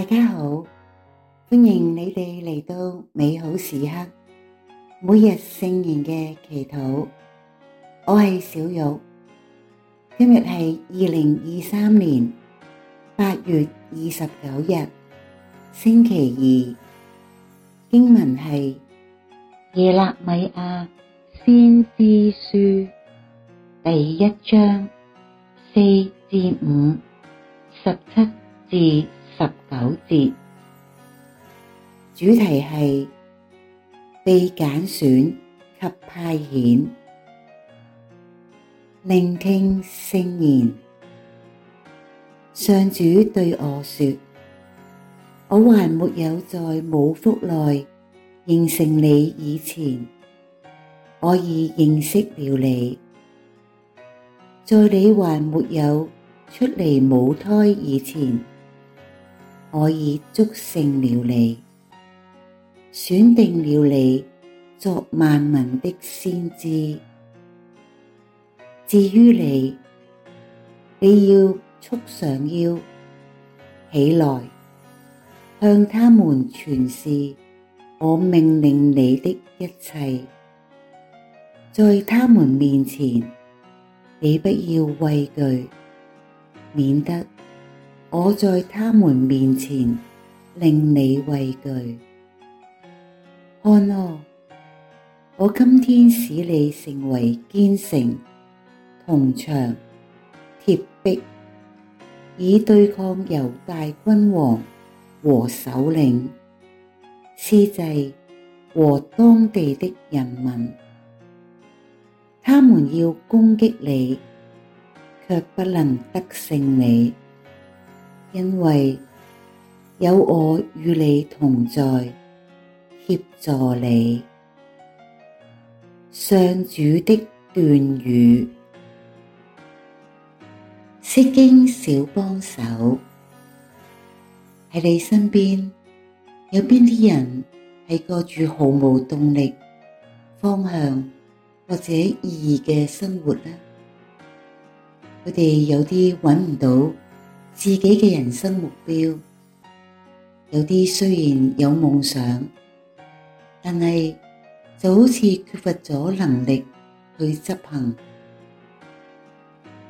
大家好，歡迎你哋嚟到美好時刻，每日聖言嘅祈禱。我係小玉，今日係二零二三年八月二十九日，星期二。經文係耶肋米亞先知書第一章四至五，十七至。5, 十九節，主題係被揀選及派遣。聆聽聖言，上主對我說：我還沒有在母腹內形成你以前，我已認識了你；在你還沒有出離母胎以前。我已祝聖了你，選定了你作萬民的先知。至於你，你要束上腰起來，向他們傳示我命令你的一切。在他們面前，你不要畏懼，免得。我在他們面前令你畏懼，看哦！我今天使你成為堅城、銅牆、鐵壁，以對抗猶大君王和首領、司祭和當地的人民。他們要攻擊你，卻不能得勝你。因為有我與你同在，協助你。上主的斷語，釋經小幫手。喺你身邊，有邊啲人係過住毫無動力、方向或者意義嘅生活呢？佢哋有啲搵唔到。自己嘅人生目標，有啲雖然有夢想，但係就好似缺乏咗能力去執行；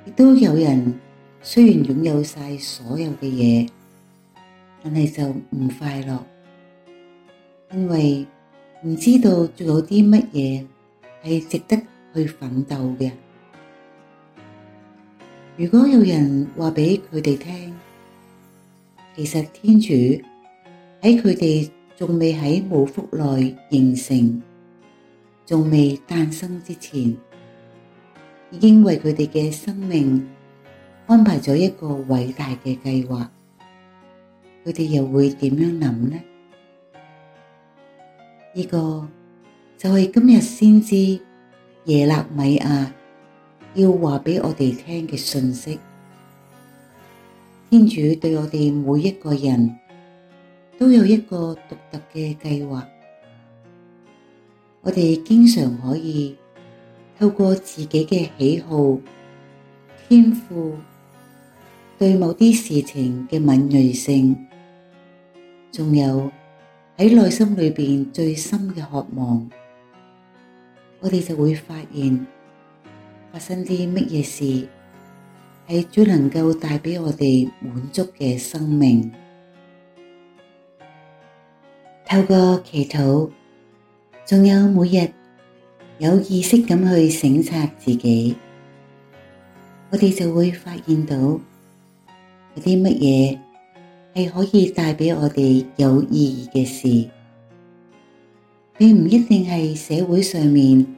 亦都有人雖然擁有晒所有嘅嘢，但係就唔快樂，因為唔知道仲有啲乜嘢係值得去奮鬥嘅。如果有人話畀佢哋聽，其實天主喺佢哋仲未喺母腹內形成，仲未誕生之前，已經為佢哋嘅生命安排咗一個偉大嘅計劃，佢哋又會點樣諗呢？呢、呢個就係今日先知耶肋米亞要話俾我哋聽嘅信息，天主對我哋每一個人都有一個獨特嘅計劃。我哋經常可以透過自己嘅喜好、天賦、對某啲事情嘅敏銳性，仲有喺內心裏邊最深嘅渴望，我哋就會發現。發生啲乜嘢事，係最能夠帶畀我哋滿足嘅生命。透過祈禱，仲有每日有意識咁去省察自己，我哋就會發現到有啲乜嘢係可以帶畀我哋有意義嘅事，並唔一定係社會上面。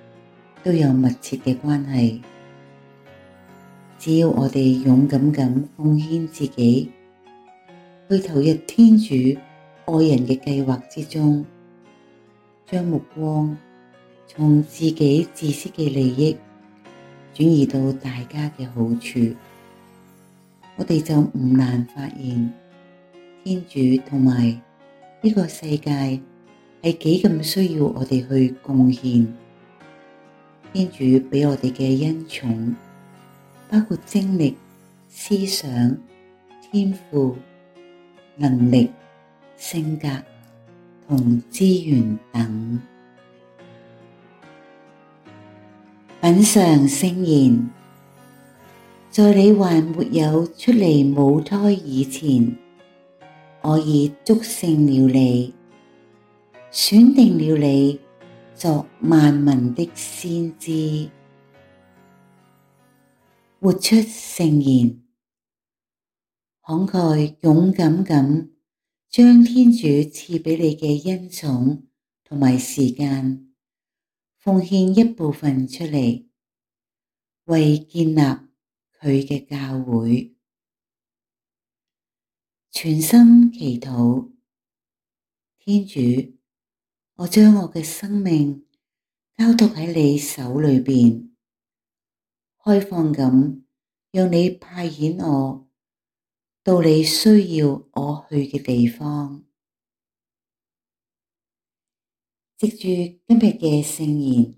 都有密切嘅關係。只要我哋勇敢咁奉獻自己，去投入天主愛人嘅計劃之中，將目光從自己自私嘅利益轉移到大家嘅好處，我哋就唔難發現天主同埋呢個世界係幾咁需要我哋去貢獻。天主畀我哋嘅恩寵，包括精力、思想、天賦、能力、性格同資源等。品嚐聖言，在你還沒有出離母胎以前，我已祝聖了你，選定了你。作萬民的先知。活出聖言。慷慨勇敢咁，將天主賜畀你嘅恩寵同埋時間，奉獻一部分出嚟，為建立佢嘅教會。全心祈禱，天主。我將我嘅生命交託喺你手裏邊，開放咁，讓你派遣我到你需要我去嘅地方。藉住今日嘅聖言，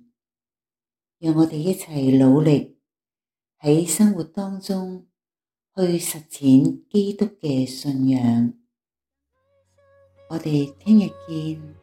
讓我哋一齊努力喺生活當中去實踐基督嘅信仰。我哋聽日見。